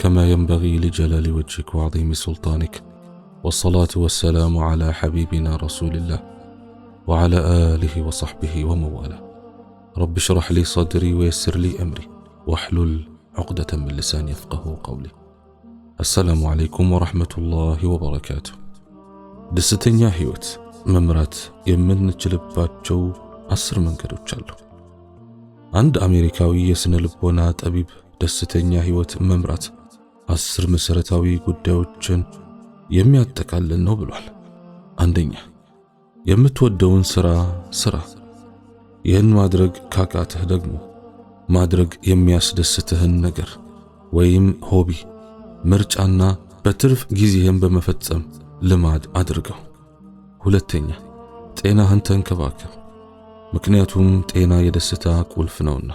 كما ينبغي لجلال وجهك وعظيم سلطانك والصلاه والسلام على حبيبنا رسول الله وعلى اله وصحبه ومواله رب اشرح لي صدري ويسر لي امري واحلل عقده من لساني يفقه قولي السلام عليكم ورحمه الله وبركاته ደስተኛ ህይወት መምራት የምንችልባቸው አስር መንገዶች አሉ። አንድ አሜሪካዊ የስነ ልቦና ጠቢብ ደስተኛ هيوت ممرات አስር መሰረታዊ ጉዳዮችን የሚያጠቃልል ነው ብሏል። አንደኛ የምትወደውን ስራ ስራ። ይህን ማድረግ ካቃተህ ደግሞ ማድረግ የሚያስደስትህን ነገር ወይም ሆቢ ምርጫና በትርፍ ጊዜህን በመፈጸም ልማድ አድርገው። ሁለተኛ ጤናህን ተንከባከብ፣ ምክንያቱም ጤና የደስታ ቁልፍ ነውና።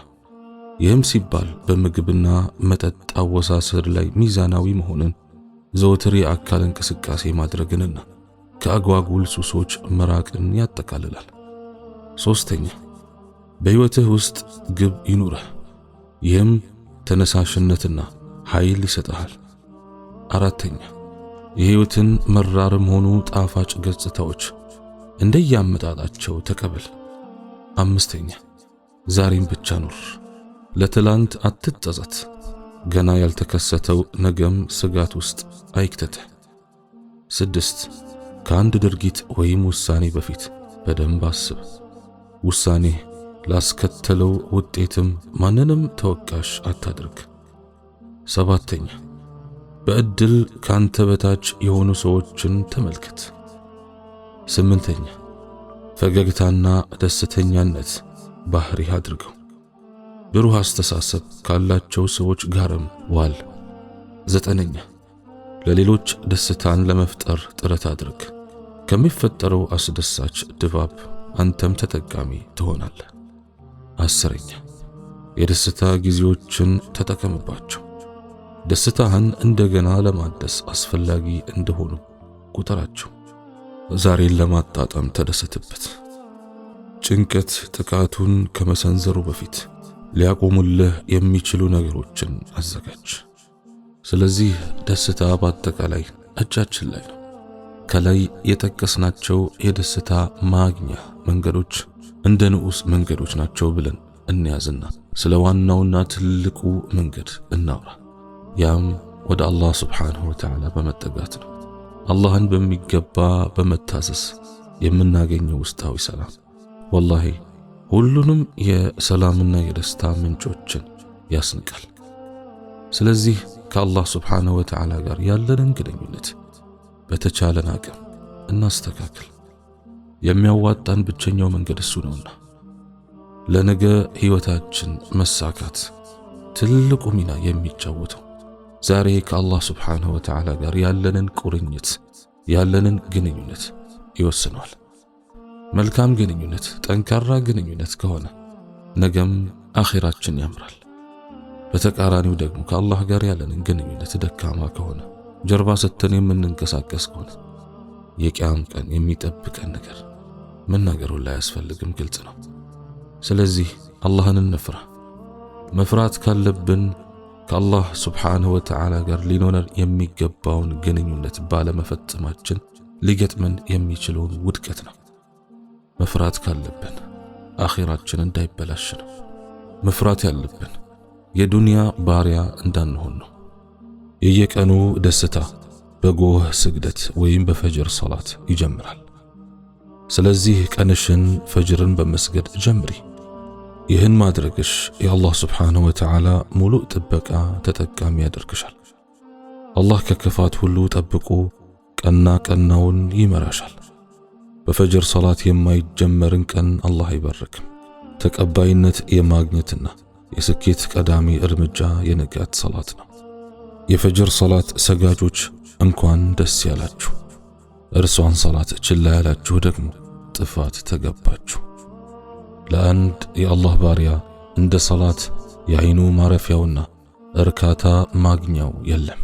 ይህም ሲባል በምግብና መጠጥ አወሳሰድ ላይ ሚዛናዊ መሆንን፣ ዘወትር የአካል እንቅስቃሴ ማድረግንና ከአጓጉል ሱሶች መራቅን ያጠቃልላል። ሶስተኛ በሕይወትህ ውስጥ ግብ ይኑረህ። ይህም ተነሳሽነትና ኃይል ይሰጠሃል። አራተኛ የሕይወትን መራርም ሆኑ ጣፋጭ ገጽታዎች እንደየአመጣጣቸው ተቀበል። አምስተኛ ዛሬም ብቻ ኑር። ለትላንት አትጠዘት። ገና ያልተከሰተው ነገም ስጋት ውስጥ አይክተትህ። ስድስት ከአንድ ድርጊት ወይም ውሳኔ በፊት በደንብ አስብ። ውሳኔህ ላስከተለው ውጤትም ማንንም ተወቃሽ አታድርግ። ሰባተኛ በእድል ካንተ በታች የሆኑ ሰዎችን ተመልከት። ስምንተኛ ፈገግታና ደስተኛነት ባህሪህ አድርገው። ብሩህ አስተሳሰብ ካላቸው ሰዎች ጋርም ዋል። ዘጠነኛ ለሌሎች ደስታን ለመፍጠር ጥረት አድርግ። ከሚፈጠረው አስደሳች ድባብ አንተም ተጠቃሚ ትሆናለህ። አስረኛ የደስታ ጊዜዎችን ተጠቀምባቸው። ደስታህን እንደገና ለማደስ አስፈላጊ እንደሆኑ ቁጠራቸው። ዛሬን ለማጣጣም ተደሰትበት። ጭንቀት ጥቃቱን ከመሰንዘሩ በፊት ሊያቆሙልህ የሚችሉ ነገሮችን አዘጋጅ። ስለዚህ ደስታ በአጠቃላይ እጃችን ላይ ነው። ከላይ የጠቀስናቸው የደስታ ማግኛ መንገዶች እንደ ንዑስ መንገዶች ናቸው ብለን እንያዝና ስለ ዋናውና ትልቁ መንገድ እናውራ። ያም ወደ አላህ ስብሓንሁ ወተዓላ በመጠጋት ነው። አላህን በሚገባ በመታዘዝ የምናገኘው ውስጣዊ ሰላም ወላሂ ሁሉንም የሰላምና የደስታ ምንጮችን ያስንቃል። ስለዚህ ከአላህ ስብሓንሁ ወተዓላ ጋር ያለንን ግንኙነት በተቻለን አቅም እናስተካክል። የሚያዋጣን ብቸኛው መንገድ እሱ ነውና ለነገ ሕይወታችን መሳካት ትልቁ ሚና የሚጫወተው ዛሬ ከአላህ ስብሓንሁ ወተዓላ ጋር ያለንን ቁርኝት ያለንን ግንኙነት ይወስነዋል። መልካም ግንኙነት፣ ጠንካራ ግንኙነት ከሆነ ነገም አኼራችን ያምራል። በተቃራኒው ደግሞ ከአላህ ጋር ያለንን ግንኙነት ደካማ ከሆነ ጀርባ ሰተን የምንንቀሳቀስ ከሆነ የቅያም ቀን የሚጠብቀን ነገር መናገሩን ላይ አያስፈልግም፣ ግልጽ ነው። ስለዚህ አላህን እንፍራ። መፍራት ካለብን ከአላህ ስብሓንሁ ወተዓላ ጋር ሊኖረን የሚገባውን ግንኙነት ባለመፈጸማችን ሊገጥመን የሚችለውን ውድቀት ነው። መፍራት ካለብን አኼራችን እንዳይበላሽ ነው። መፍራት ያለብን የዱንያ ባሪያ እንዳንሆን ነው። የየቀኑ ደስታ በጎህ ስግደት ወይም በፈጅር ሰላት ይጀምራል። ስለዚህ ቀንሽን ፈጅርን በመስገድ ጀምሪ። ይህን ማድረግሽ የአላህ ስብሓንሁ ወተዓላ ሙሉእ ጥበቃ ተጠቃሚ ያደርግሻል። አላህ ከክፋት ሁሉ ጠብቆ ቀና ቀናውን ይመራሻል። በፈጅር ሰላት የማይጀመርን ቀን አላህ ይባርክ። ተቀባይነት የማግኘትና የስኬት ቀዳሚ እርምጃ የንጋት ሰላት ነው። የፈጅር ሰላት ሰጋጆች እንኳን ደስ ያላችሁ። እርሷን ሰላት ችላ ያላችሁ ደግሞ ጥፋት ተገባችሁ። ለአንድ የአላህ ባሪያ እንደ ሰላት የአይኑ ማረፊያውና እርካታ ማግኛው የለም።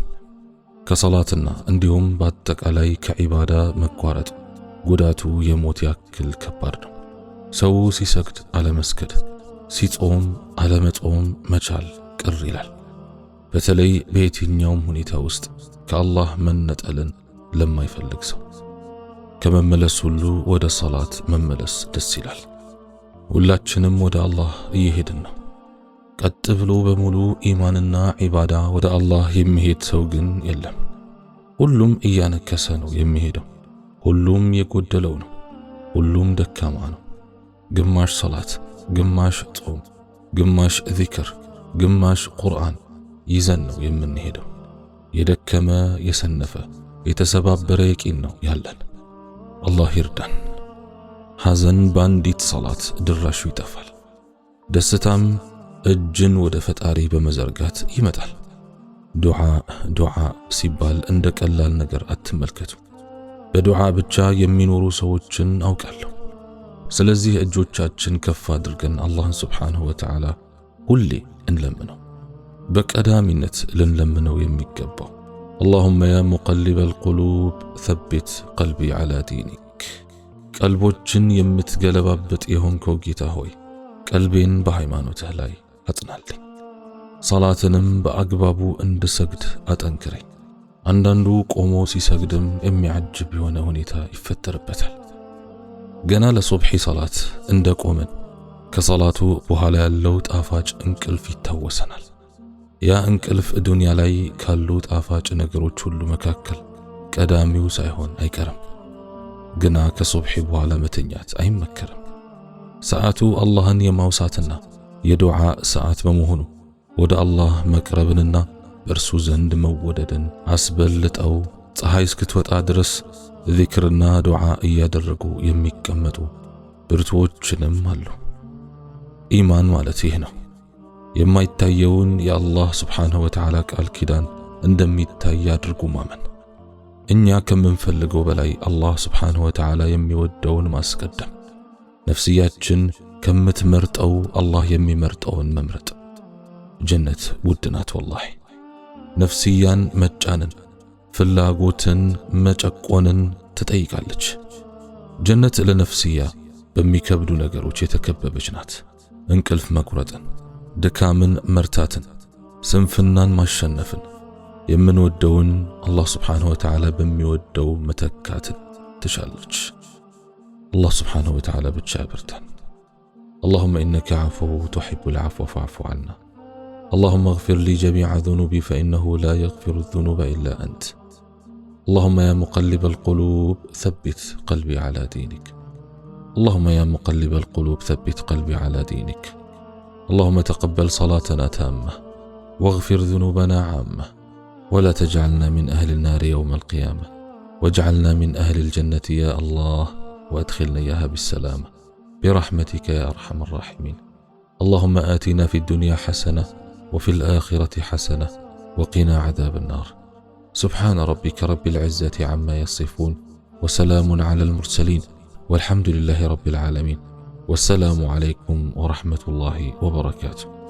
ከሰላትና እንዲሁም በአጠቃላይ ከዒባዳ መቋረጥ ጉዳቱ የሞት ያክል ከባድ ነው። ሰው ሲሰግድ አለመስገድ፣ ሲጾም አለመጾም መቻል ቅር ይላል። በተለይ በየትኛውም ሁኔታ ውስጥ ከአላህ መነጠልን ለማይፈልግ ሰው ከመመለስ ሁሉ ወደ ሰላት መመለስ ደስ ይላል። ሁላችንም ወደ አላህ እየሄድን ነው። ቀጥ ብሎ በሙሉ ኢማንና ዒባዳ ወደ አላህ የሚሄድ ሰው ግን የለም። ሁሉም እያነከሰ ነው የሚሄደው። ሁሉም የጎደለው ነው። ሁሉም ደካማ ነው። ግማሽ ሰላት፣ ግማሽ ጾም፣ ግማሽ ዚክር፣ ግማሽ ቁርአን ይዘን ነው የምንሄደው። የደከመ የሰነፈ የተሰባበረ የቂን ነው ያለን። አላህ ይርዳን። ሐዘን በአንዲት ሰላት ድራሹ ይጠፋል። ደስታም እጅን ወደ ፈጣሪ በመዘርጋት ይመጣል። ዱዓ ዱዓ ሲባል እንደ ቀላል ነገር አትመልከቱ። በዱዓ ብቻ የሚኖሩ ሰዎችን አውቃለሁ። ስለዚህ እጆቻችን ከፍ አድርገን አላህን ስብሓንሁ ወተዓላ ሁሌ እንለምነው። በቀዳሚነት ልንለምነው የሚገባው አላሁመ ያ ሙቀሊበ አልቁሉብ ተቤት ቀልቢ ዓላ ዲኒክ፣ ቀልቦችን የምትገለባበጥ የሆንከው ጌታ ሆይ ቀልቤን በሃይማኖትህ ላይ አጽናልኝ፣ ሰላትንም በአግባቡ እንድሰግድ አጠንክረኝ። አንዳንዱ ቆሞ ሲሰግድም የሚያጅብ የሆነ ሁኔታ ይፈጠርበታል። ገና ለሶብሒ ሰላት እንደ ቆመን ከሰላቱ በኋላ ያለው ጣፋጭ እንቅልፍ ይታወሰናል። ያ እንቅልፍ ዱንያ ላይ ካሉ ጣፋጭ ነገሮች ሁሉ መካከል ቀዳሚው ሳይሆን አይቀርም። ግና ከሶብሒ በኋላ መተኛት አይመከርም። ሰዓቱ አላህን የማውሳትና የዱዓ ሰዓት በመሆኑ ወደ አላህ መቅረብንና በእርሱ ዘንድ መወደድን አስበልጠው ፀሐይ እስክትወጣ ድረስ ዚክርና ዱዓ እያደረጉ የሚቀመጡ ብርቱዎችንም አሉ። ኢማን ማለት ይህ ነው። የማይታየውን የአላህ ስብሓንሁ ወተዓላ ቃል ኪዳን እንደሚታይ አድርጉ ማመን፣ እኛ ከምንፈልገው በላይ አላህ ስብሓንሁ ወተዓላ የሚወደውን ማስቀደም፣ ነፍስያችን ከምትመርጠው አላህ የሚመርጠውን መምረጥ። ጀነት ውድ ናት ወላሂ። ነፍስያን መጫንን፣ ፍላጎትን መጨቆንን ትጠይቃለች። ጀነት ለነፍስያ በሚከብዱ ነገሮች የተከበበች ናት። እንቅልፍ መቁረጥን፣ ድካምን መርታትን፣ ስንፍናን ማሸነፍን፣ የምንወደውን አላህ ስብሓንሁ ወተዓላ በሚወደው መተካትን ትሻለች። አላህ ስብሓንሁ ወተዓላ ብቻ ያበርታን። አላሁመ ኢነከ ዓፈው ቱሒቡል ዓፍወ ፈዕፉ ዐና اللهم اغفر لي جميع ذنوبي فإنه لا يغفر الذنوب إلا أنت اللهم يا مقلب القلوب ثبت قلبي على دينك اللهم يا مقلب القلوب ثبت قلبي على دينك اللهم تقبل صلاتنا تامة واغفر ذنوبنا عامة ولا تجعلنا من أهل النار يوم القيامة واجعلنا من أهل الجنة يا الله وأدخلنا إياها بالسلامة برحمتك يا أرحم الراحمين اللهم آتنا في الدنيا حسنة وفي الآخرة حسنة وقنا عذاب النار سبحان ربك رب العزة عما يصفون وسلام على المرسلين والحمد لله رب العالمين والسلام عليكم ورحمة الله وبركاته